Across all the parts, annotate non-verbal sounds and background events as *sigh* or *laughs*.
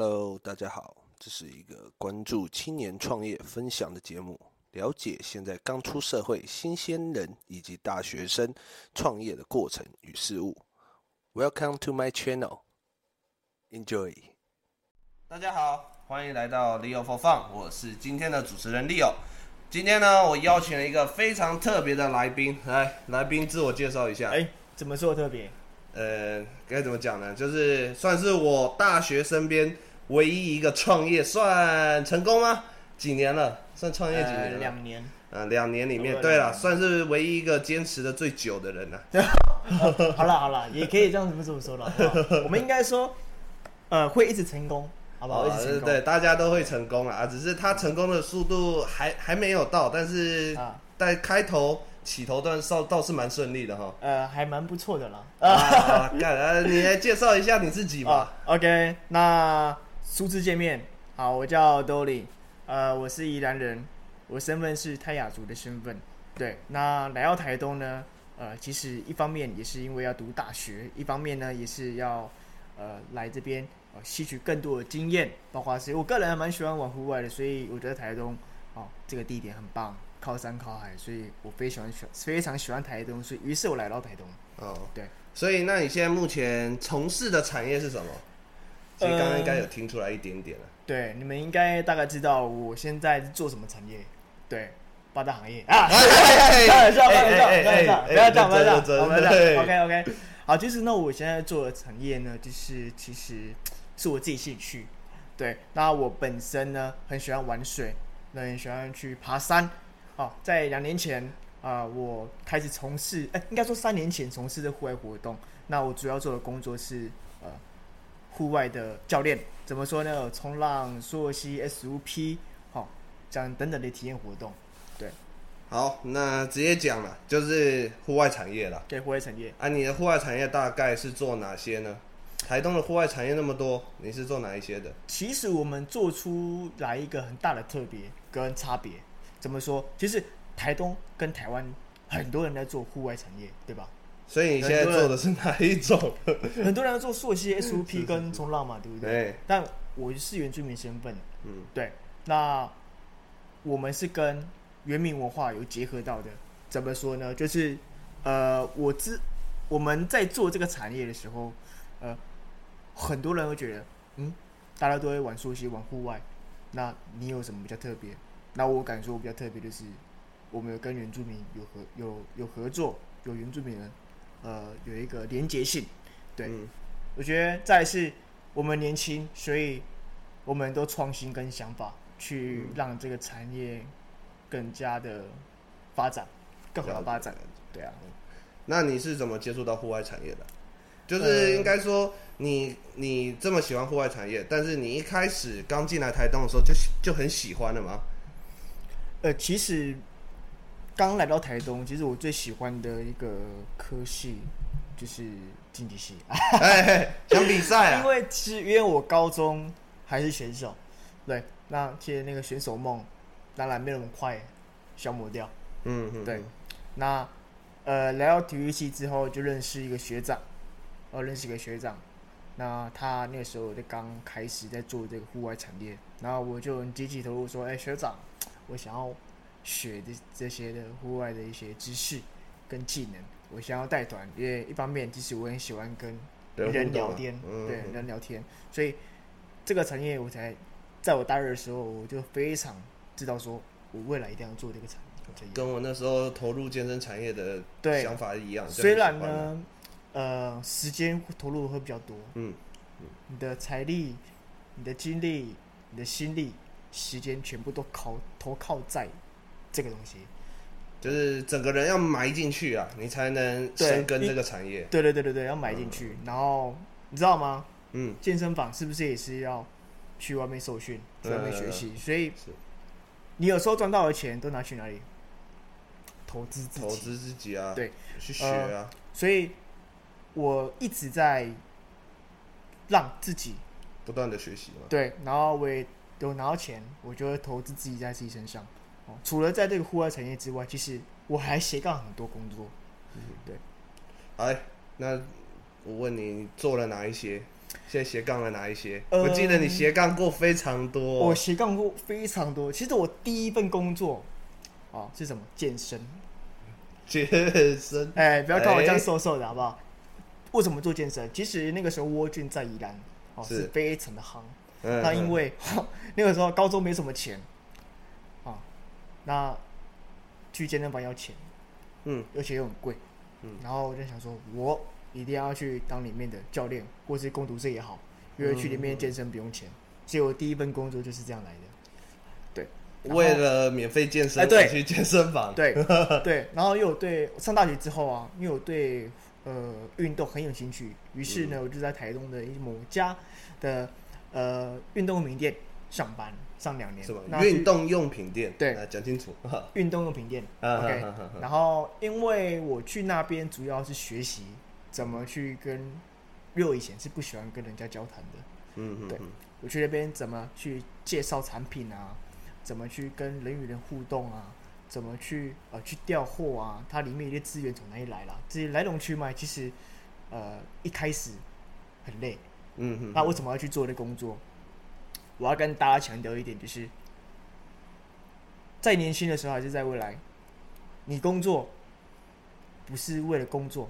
Hello，大家好，這是一個關注青年創業分享的節目，了解現在剛出社會新鮮人以及大學生創業的過程與事物。Welcome to my channel，Enjoy。大家好，歡迎來到 Leo 放放，我是今天的主持人 Leo。今天呢，我邀請了一個非常特別的來賓，來，來賓自我介紹一下。哎，怎麼說特別？呃，該怎麼講呢？就是算是我大學身邊。唯一一個創業算成功嗎？幾年了？算創業幾年了？兩年。嗯，兩年裡面，對了，算是唯一一個堅持得最久的人了。好了好了，也可以這樣子這麼說了。我們應該說，呃，會一直成功，好不好？對，大家都會成功啊，只是他成功的速度還還沒有到，但是在開頭起頭段倒倒是蠻順利的哈。呃，還蠻不錯的了。啊，幹，你來介紹一下你自己吧。OK，那。初次見面，好，我叫 Doly，呃，我是宜蘭人，我身份是泰雅族的身份，對，那來到台東呢，呃，其實一方面也是因為要讀大學，一方面呢也是要呃來這邊呃吸取更多的經驗，包括是我個人還蠻喜歡玩戶外的，所以我覺得台東哦、呃、這個地點很棒，靠山靠海，所以我非常喜歡非常喜歡台東，所以於是我來到台東。哦，對，所以那你現在目前從事的產業是什麼？其實剛剛應該有聽出來一點點了。嗯、對，你們應該大概知道我現在是做什麼產業。對，八大行業啊，不要這樣，不要這樣，不要這樣，不要這樣，不要這樣。OK，OK、OK, OK。好，其實呢，我現在做的產業呢，就是其實是我自己興趣。對，那我本身呢，很喜歡玩水，那很喜歡去爬山。哦，在兩年前啊、呃，我開始從事，哎、欸，應該說三年前從事的戶外活動。那我主要做的工作是呃。戶外的教練怎麼說呢？衝浪、溯溪、SUP，哈、哦，這樣等等的體驗活動，對。好，那直接講了，就是戶外產業了。對，戶外產業啊，你的戶外產業大概是做哪些呢？台東的戶外產業那麼多，你是做哪一些的？其實我們做出來一個很大的特別跟差別，怎麼說？其實台東跟台灣很多人在做戶外產業，嗯、對吧？所以你現在做的是哪一種？很多人要 *laughs* 做溯溪、SUP 跟衝浪嘛，嗯、對不對？對，但我是原住民身份。嗯，對。那我們是跟原民文化有結合到的。怎麼說呢？就是呃，我知我，我們在做這個產業的時候，呃，很多人會覺得，嗯，大家都會玩溯溪、玩戶外。那你有什麼比較特別？那我敢說，我比較特別的是，我們有跟原住民有合有有合作，有原住民人。呃，有一個連接性，對，嗯、我覺得再是，我們年輕，所以我們都創新跟想法，去讓這個產業更加的發展，嗯、更好的發展。嗯、對啊，那你是怎麼接觸到戶外產業的？就是應該說你，你、呃、你這麼喜歡戶外產業，但是你一開始剛進來台東的時候就就很喜歡了嗎？呃，其實。剛來到台東，其實我最喜歡的一個科系就是競技系， *laughs* 嘿嘿，想比賽啊。因為是，因為我高中還是選手，對，那其實那個選手夢，當然沒那麼快消磨掉。嗯哼對。那呃，來到體育系之後，就認識一個學長，我認識一個學長。那他那個時候就剛開始在做這個戶外產業，然後我就積極投入說：“哎、欸，學長，我想要。”學的這些的戶外的一些知識跟技能，我想要帶團，因為一方面，其實我很喜歡跟人，人聊天，對、互動啊嗯、對人聊天，所以這個產業我才在我大二的時候，我就非常知道說，我未來一定要做這個產業。跟我那時候投入健身產業的想法一樣，對啊、雖然呢，呃，時間投入會比較多，嗯，嗯你的財力、你的精力、你的心力、時間，全部都靠投靠在。這個東西就是整個人要埋進去啊，你才能深耕這個產業。對對對對對，要埋進去。嗯、然後你知道嗎？嗯，健身房是不是也是要去外面受訓、去外面學習？對對對，所以是你有時候賺到的錢都拿去哪裡？投資自己，投資自己啊！對，去學啊、呃！所以我一直在讓自己不斷的學習嘛。對，然後我也有拿到錢，我就會投資自己在自己身上。除了在這個戶外產業之外，其實我還斜槓很多工作。嗯，對、欸。那我問你，你做了哪一些？現在斜槓了哪一些？嗯、我記得你斜槓過非常多。我斜槓過非常多。其實我第一份工作、喔、是什麼？健身。健身。哎、欸，不要看我這樣瘦瘦的，欸、好不好？為什麼做健身？其實那個時候，World Gym 在宜蘭哦、喔、是，是非常的夯。那、嗯嗯、因為那個時候高中沒什麼錢。那去健身房要錢，嗯，而且又很貴，嗯，然後我就想說，我一定要去當裡面的教練，或是工讀生也好，因為去裡面健身不用錢，嗯、所以我第一份工作就是這樣來的。對，後為了免費健身，哎、對，去健身房，對 *laughs* 對。然後又有對上大學之後啊，因為我對呃運動很有興趣，於是呢，嗯、我就在台東的一某家的呃運動名店上班。上兩年運嗎是動用品店，對，講、呃、清楚。運、嗯、 *laughs* 動用品店，OK。然後因為我去那邊主要是學習怎麼去跟，因為我以前是不喜歡跟人家交談的，嗯哼哼，對我去那邊怎麼去介紹產品啊，怎麼去跟人與人互動啊，怎麼去呃去調貨啊，它裡面一些資源從哪裡來啦。這些來龍去脈其實呃一開始很累，嗯哼哼，那為什麼要去做這工作？我要跟大家強調一點，就是在年輕的時候還是在未來，你工作不是為了工作，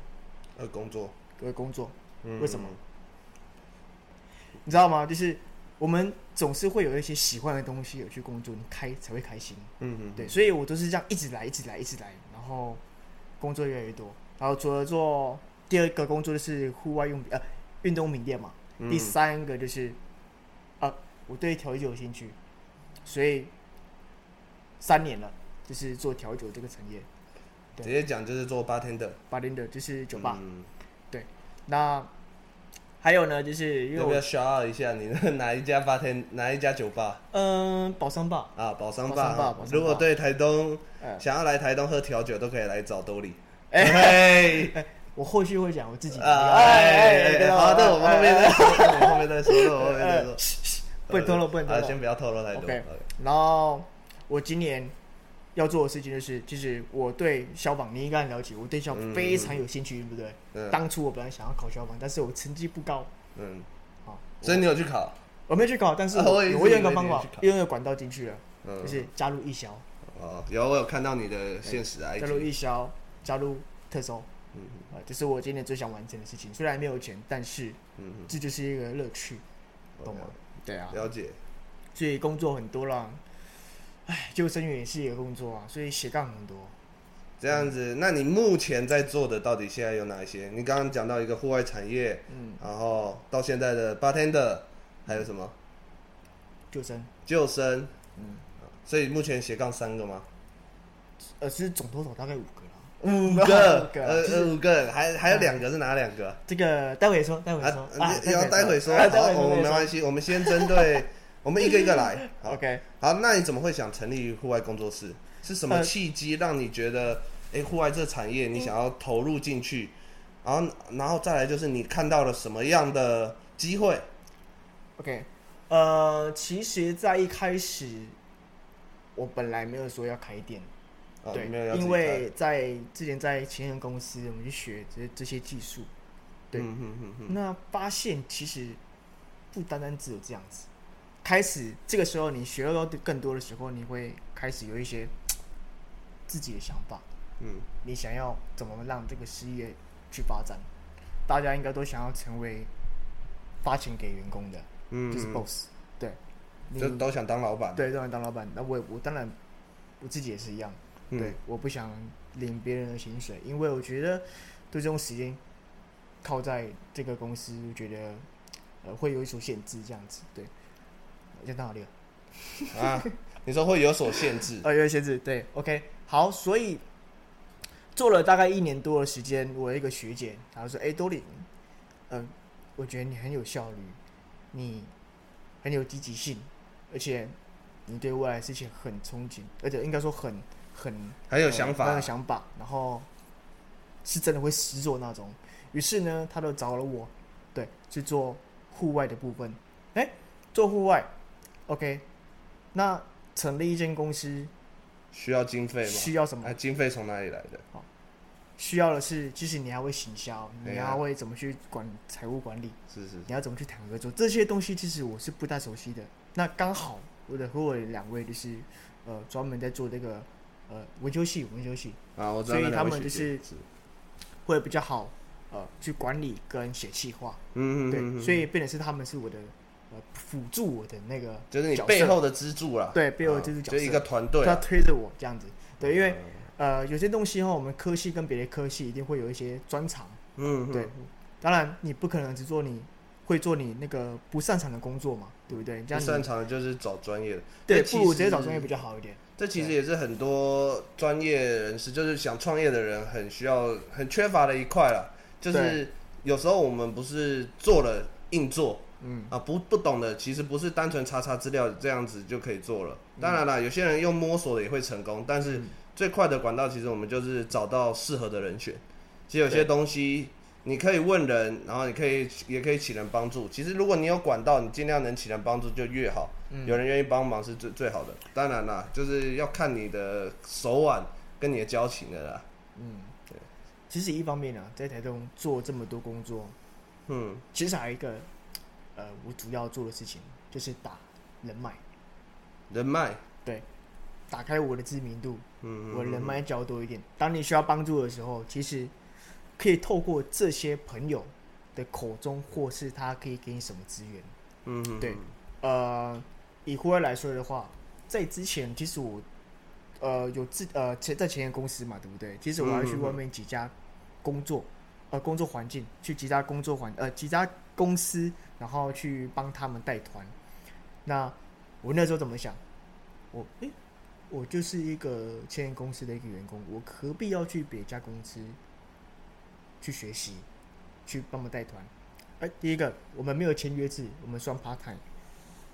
而工作，為工作，嗯、哼為什麼？嗯、哼你知道嗎？就是我們總是會有一些喜歡的東西，有去工作，你開才會開心。嗯嗯哼，對，所以我都是這樣一直來，一直來，一直來，然後工作越來越多。然後除了做第二個工作就是戶外用品呃運動品店嘛，嗯、第三個就是。我對調酒有興趣，所以三年了，就是做調酒這個產業。直接講就是做 bartender，bartender 就是酒吧。對，那還有呢，就是要不要 shout out 一下你的哪一家 bartender 哪一家酒吧？嗯，寶山吧。啊，寶山吧。如果對台東想要來台東喝調酒，都可以來找多利。哎，我後續會講我自己。哎好的，我後面再，我後面再說，我後面再說。不透露，不透露。先不要透露太多。OK，然後我今年要做的事情就是，就是我對消防你應該很了解，我對消防非常有興趣，對不對？當初我本來想要考消防，但是我成績不高。嗯，好，所以你有去考？我沒去考，但是我有一個方法，又用管道進去了，就是加入義消。哦，有我有看到你的限時啊，加入義消，加入特搜。嗯，這是我今年最想完成的事情。雖然沒有錢，但是，嗯，這就是一個樂趣，懂嗎？對啊，了解，所以工作很多啦，哎，救生員也是一個工作啊，所以斜槓很多。這樣子，那你目前在做的到底現在有哪一些？你剛剛講到一個戶外產業，嗯，然後到現在的 bartender，還有什麼？救生，救生，嗯，所以目前斜槓三個嗎？呃，其實總多少大概五個。五個，呃呃，五個，還還有兩個是哪兩個？這個待會說，待會說，你要待會說。好，我們沒關係，我們先針對，我們一個一個來。OK，好，那你怎麼會想成立戶外工作室？是什麼契機讓你覺得，誒，戶外這產業你想要投入進去？然後，然後再來就是你看到了什麼樣的機會？OK，呃，其實，在一開始，我本來沒有說要開店。對，啊、因為在之前在前任公司，我們去學這這些技術，對，嗯、哼哼哼，那發現其實不單單只有這樣子。開始這個時候，你學到更多的時候，你會開始有一些自己的想法。嗯，你想要怎麼讓這個事業去發展？大家應該都想要成為發錢給員工的，嗯，嗯，就是 boss，對，你都想當老闆，對，都想當老闆。那我也我當然我自己也是一樣。對，嗯、我不想領別人的薪水，因為我覺得對這種時間靠在這個公司，我覺得呃會有所限制，這樣子。對，講到哪了？啊， *laughs* 你說會有所限制？呃，有所限制。對，OK，好，所以做了大概一年多的時間，我一個學姐，她說：“哎、欸，Doly，嗯、呃，我覺得你很有效率，你很有積極性，而且你對未來的事情很憧憬，而且應該說很。”很很有想法、啊，很有、呃那個、想法，然後是真的會實做那種。於是呢，他就找了我，對，去做戶外的部分。哎、欸，做戶外，OK？那成立一間公司需要經費嗎？需要什麼？啊、經費從哪裡來的？哦，需要的是，其實你要會行銷，欸、你要會怎麼去管財務管理，是，是是，你要怎麼去談合作？這些東西其實我是不太熟悉的。那剛好，我的和我的兩位就是呃，專門在做這個。呃，維修系，維修系，啊，我知道，所以他們就是會比較好，呃，去管理跟寫企劃，嗯哼嗯哼，對，所以變成是他們是我的呃輔助，我的那個就是你背後的支柱啦。對，背後就是講。角色，嗯、就一個團隊、啊，他推着我這樣子，對，因為呃，有些東西的話，我們科系跟別的科系一定會有一些專長，呃、嗯哼，對，當然你不可能只做你會做你那個不擅長的工作嘛，對不對？這樣你不擅長的就是找專業的，對，不如直接找專業比較好一點。這其實也是很多專業人士，就是想創業的人很需要、很缺乏的一塊了。就是有時候我們不是做了硬做，嗯啊不不懂的，其實不是單純查查資料這樣子就可以做了。當然啦，有些人用摸索的也會成功，但是最快的管道其實我們就是找到適合的人選。其實有些東西。你可以問人，然後你可以也可以請人幫助。其實如果你有管道，你盡量能請人幫助就越好。嗯、有人願意幫忙是最最好的。當然啦，就是要看你的手腕跟你的交情的啦。嗯，對。其實一方面呢、啊，在台東做這麼多工作，嗯，其實還有一個，呃，我主要做的事情就是打人脈。人脈？對，打開我的知名度，嗯，嗯，嗯，我人脈交多一點。當你需要幫助的時候，其實。可以透過這些朋友的口中，或是他可以給你什麼資源？嗯哼哼，對。呃，以戶外來說的話，在之前，其實我呃有自呃在在前面公司嘛，對不對？其實我要去外面幾家工作，嗯、哼哼呃，工作環境去其他工作環呃其他公司，然後去幫他們帶團。那我那時候怎麼想？我誒、嗯，我就是一個前面公司的一個員工，我何必要去別家公司？去學習，去幫忙帶團。哎、啊，第一個我們沒有簽約制，我們算 part time，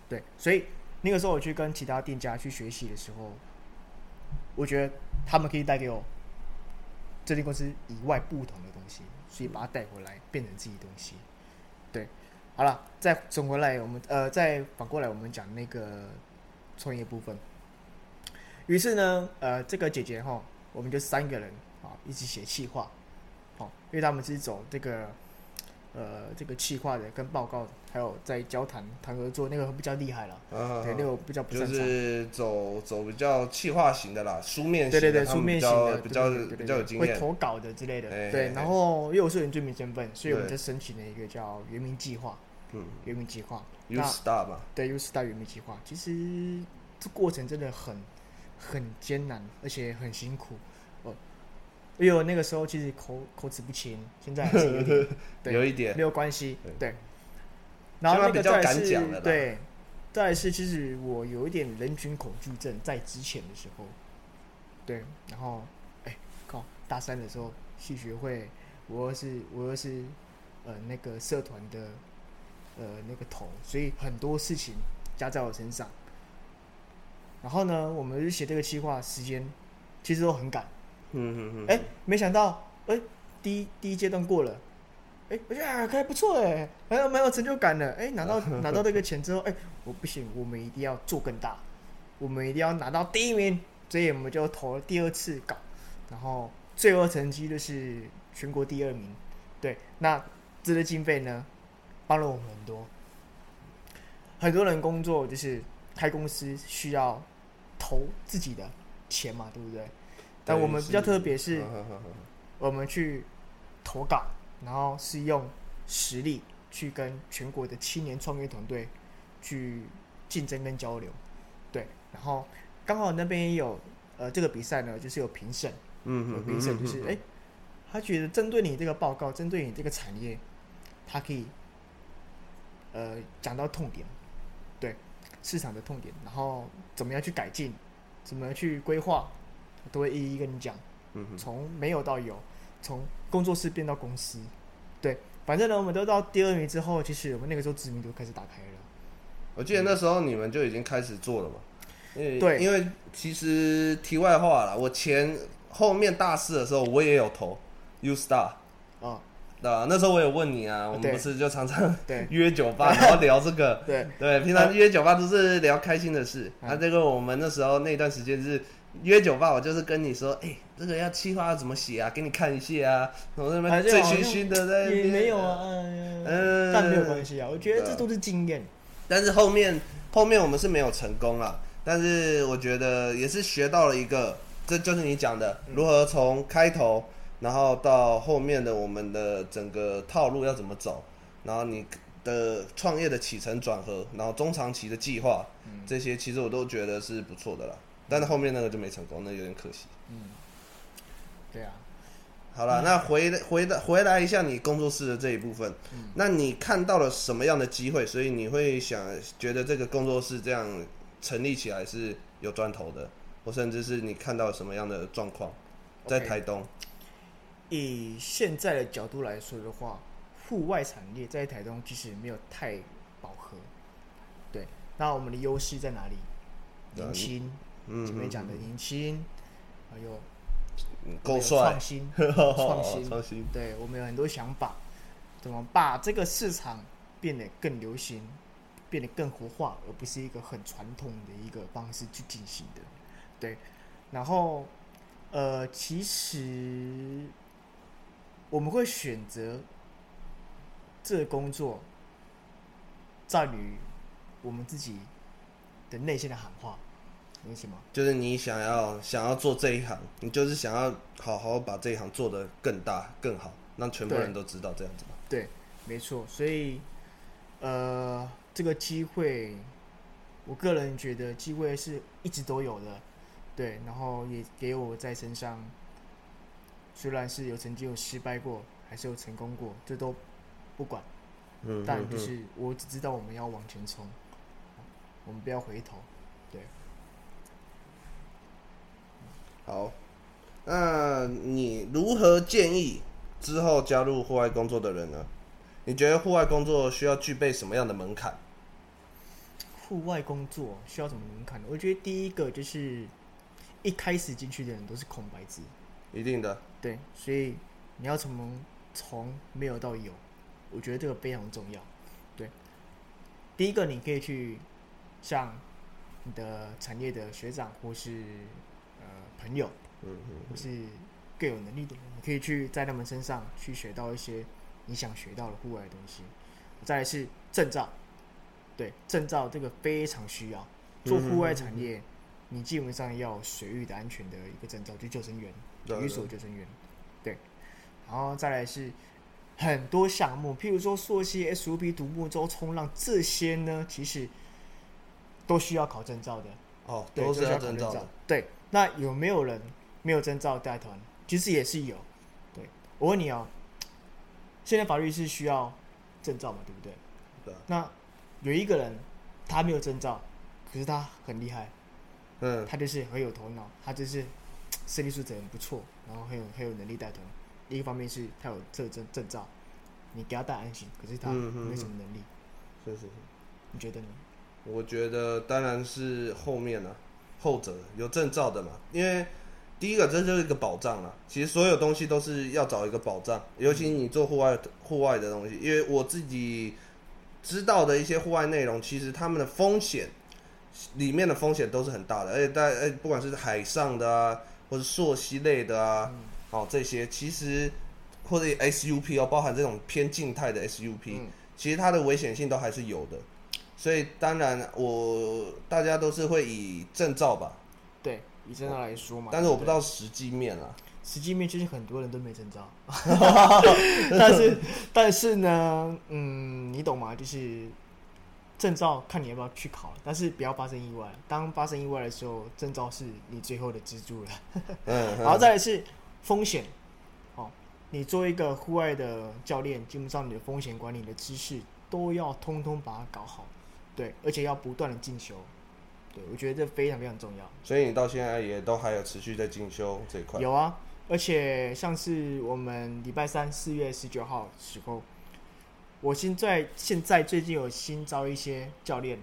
對，所以那個時候我去跟其他店家去學習的時候，我覺得他們可以帶給我，這間公司以外不同的東西，所以把它帶回來變成自己的東西。對，好了，再轉回來，我們呃再反過來，我們講那個創業部分。於是呢，呃，這個姐姐哈，我們就三個人啊一起寫企劃。哦，因為他們是走這個，呃，這個企劃的跟報告，還有在交談談合作，那個會比較厲害了。對，那個比較不算就是走走比較企劃型的啦，書面型。對對對，書面型的比較比較有經驗。會投稿的之類的。對，然後因為我是原住民身份，所以我們就申請了一個叫“原民計劃”。嗯，原民計劃。Ustar 嘛。對，Ustar 原民計劃，其實這過程真的很很艱難，而且很辛苦。哎呦，因為我那個時候其實口口齒不清，現在還是有點 *laughs* 有一點沒有關係。對，然後那個比較敢講，對，再來是其實我有一點人群恐懼症，在之前的時候，對，然後哎，靠、欸、大三的時候，系學會我是我又是，我又是呃那個社團的呃那個頭，所以很多事情加在我身上。然後呢，我們就寫這個企劃，時間其實都很趕。嗯嗯嗯，哎、欸，沒想到，哎、欸，第一第一階段過了，哎、欸，我覺得啊，還不錯，哎、欸，好像蠻有成就感的，哎、欸，拿到拿到這個錢之後，哎、欸，我不行，我們一定要做更大，我們一定要拿到第一名，所以我們就投了第二次稿，然後最後成績就是全國第二名，對，那這個經費呢，幫了我們很多，很多人工作就是開公司需要投自己的錢嘛，對不對？但我們比較特別是，我們去投稿，然後是用實力去跟全國的青年創業團隊去競爭跟交流，對。然後剛好那邊也有呃這個比賽呢，就是有評審，嗯哼，有評審就是哎、嗯哼欸，他覺得針對你這個報告，針對你這個產業，他可以呃講到痛點，對市場的痛點，然後怎麼樣去改進，怎麼去規劃。我都會一一跟你講，嗯，從沒有到有，從工作室變到公司，對，反正呢，我們都到第二名之後，其實我們那個時候知名度開始打開了。我記得那時候你們就已經開始做了嘛？嗯、為對，因為其實題外話了，我前後面大四的時候，我也有投 U Star 啊、嗯，那、呃、那時候我也問你啊，我們不是就常常對約酒吧，然後聊這個，對對，對對平常約酒吧都是聊開心的事。那、嗯啊、這個我們那時候那段時間是。約酒吧，我就是跟你說，哎、欸，這個要企劃要怎麼寫啊？給你看一下啊，什麼什麼醉醺醺的在，也沒有啊，嗯、呃，但沒有關係啊。我覺得這都是經驗、啊。但是後面後面我們是沒有成功啦、啊，但是我覺得也是學到了一個，這就是你講的如何從開頭，然後到後面的我們的整個套路要怎麼走，然後你的創業的起承轉合，然後中長期的計劃，這些其實我都覺得是不錯的啦。但是後面那個就沒成功，那有點可惜。嗯，對啊。好了啦，嗯、那回回的回來一下你工作室的這一部分。嗯，那你看到了什麼樣的機會？所以你會想覺得這個工作室這樣成立起來是有賺頭的，或甚至是你看到了什麼樣的狀況在台東？Okay, 以現在的角度來說的話，戶外產業在台東其實沒有太飽和。對，那我們的優勢在哪裡？年輕。嗯嗯，前面講的迎親，還有夠創新，創帥新，創 *laughs* 新、新對我們有很多想法，怎麼把這個市場變得更流行，變得更活化，而不是一個很傳統的一個方式去進行的。對，然後呃，其實我們會選擇這個工作，在於我們自己的內心的喊話。什麼？就是你想要想要做這一行，你就是想要好好把這一行做得更大更好，讓全部人都知道這樣子嗎？對，對，沒錯。所以，呃，這個機會，我個人覺得機會是一直都有的，對。然後也給我在身上，雖然是有曾經有失敗過，還是有成功過，這都不管，嗯。但就是我只知道我們要往前衝，我們不要回頭，對。好，那你如何建議之後加入戶外工作的人呢？你覺得戶外工作需要具備什麼樣的門檻？戶外工作需要什麼門檻呢？我覺得第一個就是一開始進去的人都是空白字，一定的。對，所以你要從從沒有到有，我覺得這個非常重要。對，第一個你可以去像你的產業的學長或是。呃，朋友，嗯，或、嗯、是更有能力的人，你可以去在他們身上去學到一些你想學到的戶外的東西。再來是證照，對，證照這個非常需要。做戶外產業，嗯嗯嗯、你基本上要水域的安全的一個證照，就救生員，漁屬對救生員，對。然後再來是很多項目，譬如說溯溪、SUP、獨木舟、衝浪這些呢，其實都需要考證照的。哦，都需要考證照，哦、證照對。那有沒有人沒有證照帶團？其實也是有。對。我問你啊、喔，現在法律是需要證照嘛，對不對？的那有一個人他沒有證照，可是他很厲害，嗯，他就是很有頭腦，他就是實力素質很不錯，然後很有很有能力帶團。一個方面是他有這證證照，你給他帶安心；可是他沒什麼能力，嗯、是是是，你覺得呢？我覺得當然是後面了、啊。後者有證照的嘛？因為第一個這就是一個保障了。其實所有東西都是要找一個保障，尤其你做戶外戶外的東西。因為我自己知道的一些戶外內容，其實他們的風險裡面的風險都是很大的。而且，在，不管是海上的啊，或者溯溪類的啊，嗯，哦，這些其實或者 SUP 哦，包含這種偏靜態的 SUP，嗯，其實它的危險性都還是有的。所以當然我，我大家都是會以證照吧，對，以證照來說嘛，哦、但是我不知道實際面啊，實際面就是很多人都沒證照， *laughs* 但是 *laughs* 但是呢，嗯，你懂嗎？就是證照看你要不要去考，但是不要發生意外。當發生意外的時候，證照是你最後的支柱了 *laughs* 嗯。嗯，然後再來是風險哦，你作為一個戶外的教練，基本上你的風險管理的知識都要通通把它搞好。對，而且要不斷的進修，對，我覺得這非常非常重要。所以你到現在也都還有持續在進修這一塊？有啊，而且像是我們禮拜三四月十九號時候，我現在現在最近有新招一些教練，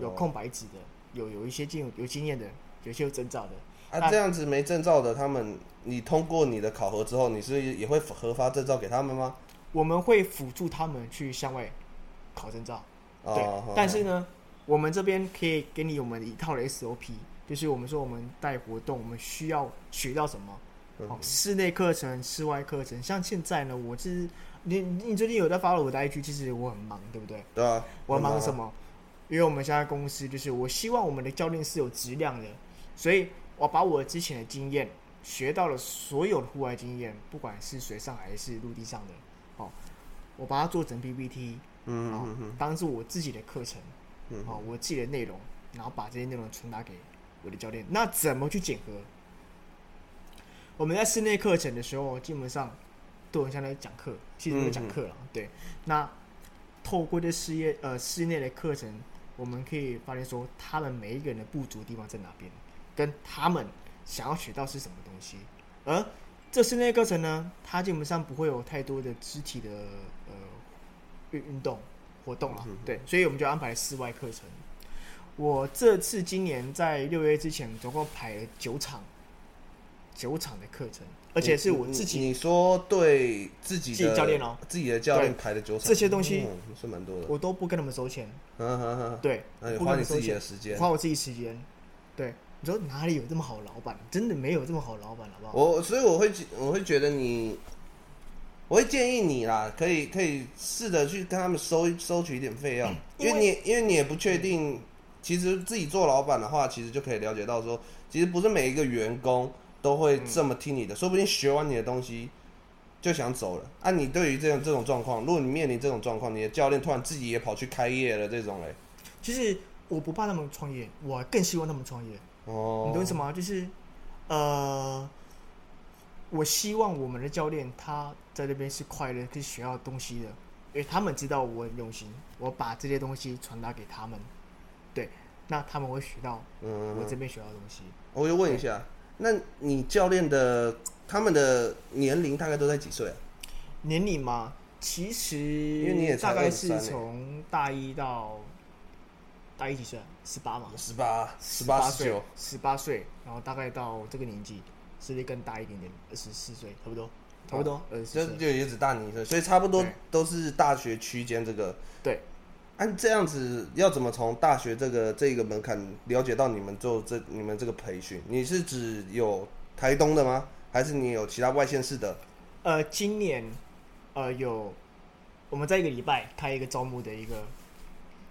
有空白紙的，哦、有有一些進有經驗的，有些有證照的。啊，那這樣子沒證照的他們，你通過你的考核之後，你是，是也會核發證照給他們嗎？我們會輔助他們去向外考證照。對，uh huh. 但是呢，我們這邊可以給你我們一套的 SOP，就是我們說我們帶活動，我們需要學到什麼？Uh huh. 室內課程、室外課程，像現在呢，我、就是你，你最近有在 follow 我的 IG？其實我很忙，對不對？對啊、uh，huh. 我很忙什麼？Uh huh. 因為我們現在公司就是，我希望我們的教練是有質量的，所以我把我之前的經驗學到了所有的戶外經驗，不管是水上還是陸地上的，哦，我把它做成 PPT。嗯，啊，當做我自己的課程，啊、嗯哼哦，我自己的內容，然後把這些內容傳達給我的教練。那怎麼去整合？我們在室內課程的時候，基本上都很像在講課，其實就講課了。嗯、哼對，那透過這事業呃室內的課程，我們可以發現說，他們每一個人的不足的地方在哪邊，跟他們想要學到是什麼東西。而、嗯、這室內課程呢，它基本上不會有太多的肢體的。運運動活動了、啊，對，所以我們就安排室外課程。我這次今年在六月之前總共排了九場，九場的課程，而且是我自己。你，你，你說對自己的自己教練哦，自己的教練排的九場這些東西、嗯嗯、是蠻多的，我都不跟他們收錢。啊啊啊啊對，不嗯，對，花你自己的時間，我花我自己時間。對，你說哪裡有這麼好的老闆？真的沒有這麼好的老闆，好不好？我所以我會我會覺得你。我會建議你啦，可以可以試着去跟他們收收取一點費用，嗯、因為你因為你也不確定。嗯、其實自己做老闆的話，其實就可以了解到說，其實不是每一個員工都會這麼聽你的，嗯、說不定學完你的東西就想走了。啊，你對於這樣這種狀況，如果你面臨這種狀況，你的教練突然自己也跑去開業了，這種嘞。其實我不怕他們創業，我更希望他們創業。哦。你懂什麼？就是，呃。我希望我們的教練他在那邊是快樂，是學到東西的，因為他們知道我很用心，我把這些東西傳達給他們，對，那他們會學到嗯我這邊學到東西。我就問一下，對那你教練的他們的年齡大概都在幾歲啊？年齡嘛，其實因為你也大概是從大一到大一，幾歲？十八嘛？十八，十八、十八歲哦，十八歲，然後大概到這個年紀，實力更大一點點，二十四歲，差不多，差不多，呃，24< 歲>就就也只大你一歲，對所以差不多都是大學區間這個。對，按這樣子，要怎麼從大學這個這個門檻了解到你們做這你們這個培訓？你是指有台東的嗎？還是你有其他外縣市的？呃，今年，呃，有我們在一個禮拜開一個招募的一個，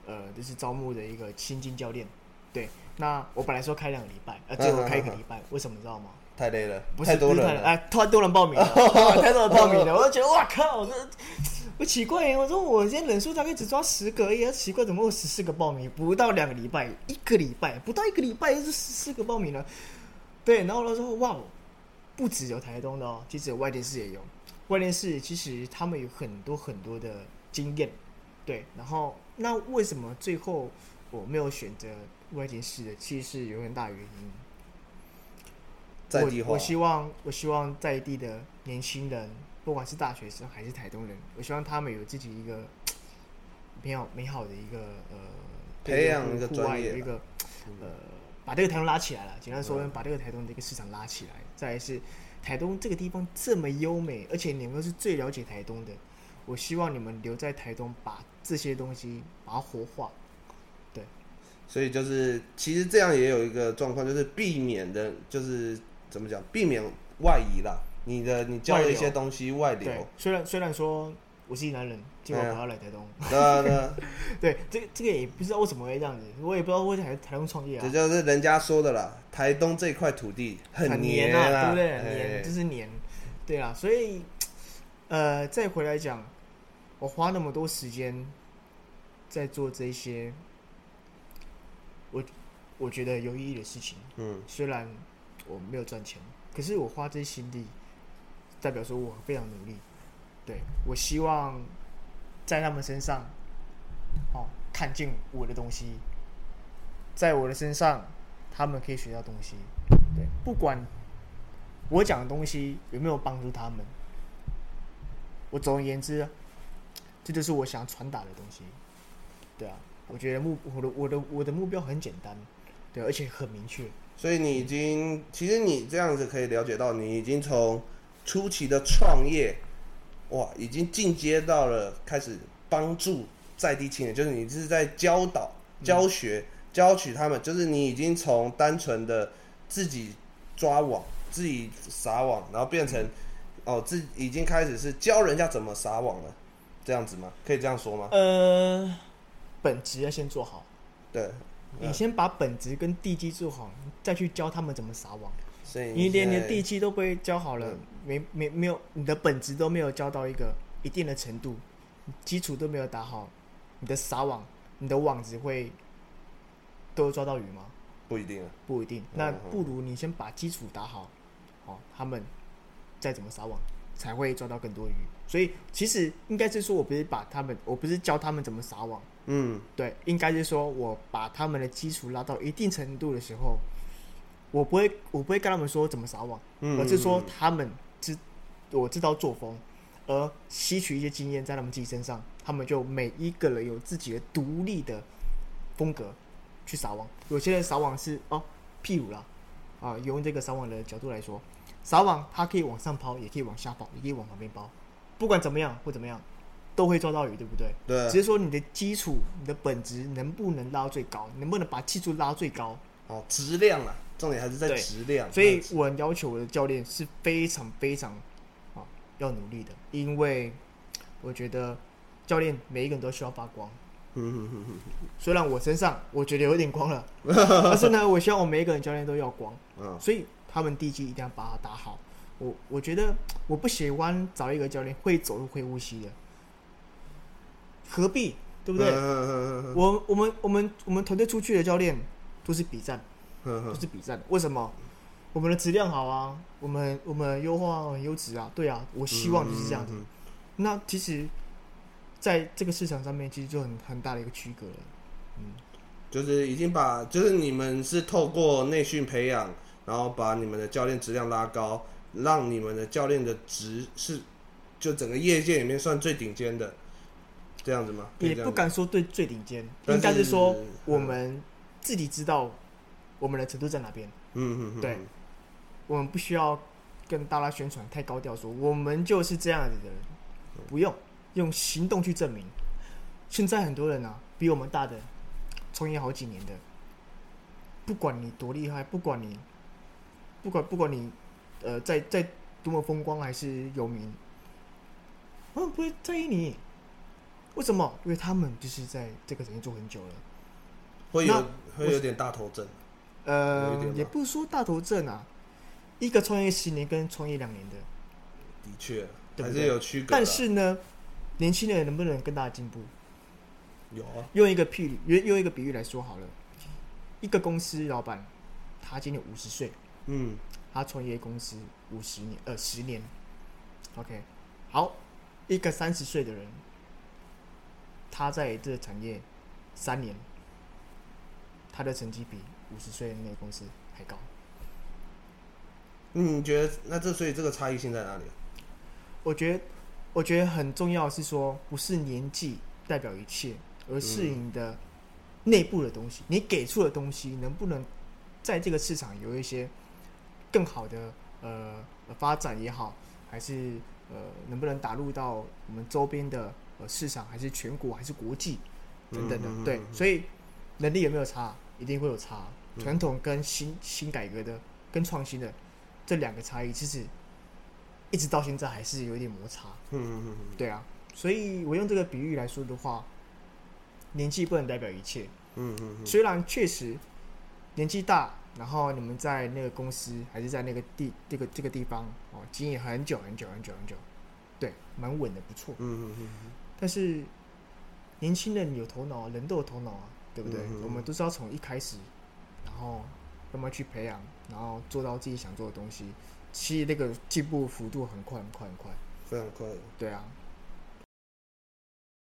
呃，就是招募的一個新進教練。對，那我本來說開兩個禮拜，呃，最後開一個禮拜，啊啊啊啊為什麼你知道嗎？太累了，不是，了不是太、哎、多人太多人報名了， *laughs* 太多人報名了， *laughs* 我就覺得哇靠，我說我奇怪，我說我今天人數大概只抓十個而已，奇怪怎麼十四個報名？不到兩個禮拜，一個禮拜不到一個禮拜就十四個報名了。對，然後那時候哇、哦，不止有台東的哦，其實有外縣市也有，外縣市其實他們有很多很多的經驗。對，然後那為什麼最後我沒有選擇外縣市的？其實是有很大原因。在我我希望我希望在地的年輕人，不管是大學生還是台東人，我希望他們有自己一個比較美、美好的一個呃培養一個戶外有一個、的一個,一個專業呃把這個台東拉起來了，簡單說，嗯、把這個台東的一個市場拉起來。再來是台東這個地方這麼優美，而且你們都是最了解台東的，我希望你們留在台東，把這些東西把它活化。對，所以就是其實這樣也有一個狀況，就是避免的，就是。怎麼講？避免外移啦！你的你教的一些東西外流。外流雖然雖然說我是台南人，千萬不要來台東。那對這個、這個也不知道為什麼會這樣子，我也不知道為什麼台東創業啊。這就是人家說的啦，台東這塊土地很黏啊，很年啊對不對？黏、哎、就是黏，對啦，所以呃，再回來講，我花那麼多時間在做這些，我我覺得有意義的事情。嗯，雖然。我沒有賺錢，可是我花這些心力，代表說我非常努力。對，我希望在他們身上，哦，看見我的東西，在我的身上，他們可以學到東西。對，不管我講的東西有沒有幫助他們，我總而言之，這就是我想傳達的東西。對啊，我覺得目我的我的我的目標很簡單，對，而且很明確。所以你已經，其實你這樣子可以了解到，你已經從初期的創業，哇，已經進階到了開始幫助在地青年，就是你是在教導、教學、教取他們，嗯、就是你已經從單純的自己抓網、自己撒網，然後變成哦，自己已經開始是教人家怎麼撒網了，這樣子嗎？可以這樣說嗎？嗯、呃，本職要先做好。對。你先把本職跟地基做好，再去教他們怎麼撒網。所以你，你連你的地基都不會教好了，嗯、沒沒沒有，你的本職都沒有教到一個一定的程度，基礎都沒有打好，你的撒網，你的網子會都抓到魚嗎？不一定、啊，不一定。那不如你先把基礎打好，好他們再怎麼撒網，才會抓到更多魚。所以其實應該是說我不是把他們，我不是教他們怎麼撒網。嗯，對，應該是說，我把他們的基礎拉到一定程度的時候，我不會，我不會跟他們說怎麼撒網，而是說他們知，我知道作風，而吸取一些經驗在他們自己身上，他們就每一個人有自己的獨立的風格去撒網。有些人撒網是哦，譬如啦，啊，用這個撒網的角度來說，撒網它可以往上拋，也可以往下拋，也可以往旁邊拋，不管怎麼樣或怎麼樣。都會抓到魚，對不對？對，只是說你的基礎、你的本質能不能拉到最高，能不能把技術拉到最高？哦，質量啊，重點還是在質量。所以，我要求我的教練是非常非常啊、哦，要努力的，因為我覺得教練每一個人都需要發光。 *laughs* 雖然我身上我覺得有點光了， *laughs* 但是呢，我希望我每一個人教練都要光。哦、所以他們地基一定要把它打好。我我覺得我不喜歡找一個教練會走路會呼吸的。何必對不對？呵呵呵，我我們我們我們團隊出去的教練都是比讚。呵呵，都是比讚。為什麼？我們的質量好啊，我們我們優化很優質啊，對啊。我希望就是這樣子。嗯嗯嗯、那其實，在這個市場上面，其實就很很大的一個區隔了。嗯，就是已經把就是你們是透過內訓培養，然後把你們的教練質量拉高，讓你們的教練的值是就整個業界裡面算最頂尖的。這樣子嗎？子也不敢說對最頂尖，是應該是說我們自己知道我們的程度在哪邊。嗯哼哼哼對，我們不需要跟大家宣傳太高調，說我們就是這樣子的人。不用，用行動去證明。現在很多人啊，比我們大的，從業好幾年的，不管你多厲害，不管你不管不管你，呃，在在多麼風光還是有名，我不會在意你。為什麼？因為他們就是在這個人做很久了，會有那會有點大頭症。呃，也不是說大頭症啊，一個創業十年跟創業兩年的，的確確還是有區別，但是呢，年輕人能不能更大的進步？有啊，用一個譬，用用一個比喻來說好了，一個公司老闆，他今年五十歲，嗯，他創業公司五十年，呃，十年，OK，好，一個三十歲的人。他在這個產業三年，他的成績比五十歲的那個公司還高。嗯、你覺得那這所以這個差異性在哪裡、啊？我覺得，我覺得很重要是說，不是年紀代表一切，而是你的內部的東西，嗯、你給出的東西能不能在這個市場有一些更好的呃發展也好，還是呃能不能打入到我們周邊的？呃、哦，市場還是全國還是國際，等等的，嗯、哼哼對，所以能力有沒有差，一定會有差。傳、嗯、哼統跟新新改革的跟創新的這兩個差異，其實一直到現在還是有一點摩擦。嗯哼哼對啊，所以我用這個比喻來說的話，年紀不能代表一切。嗯嗯，雖然確實年紀大，然後你們在那個公司還是在那個地這個這個地方哦，經營很久很久很久很久，對，蠻穩的，不錯。嗯嗯。但是，年輕人有頭腦啊，人都有頭腦啊，對不對？嗯、哼我們都是要從一開始，然後慢慢去培養，然後做到自己想做的東西，其實那個進步幅度很快，很快，很快，非常快。對啊。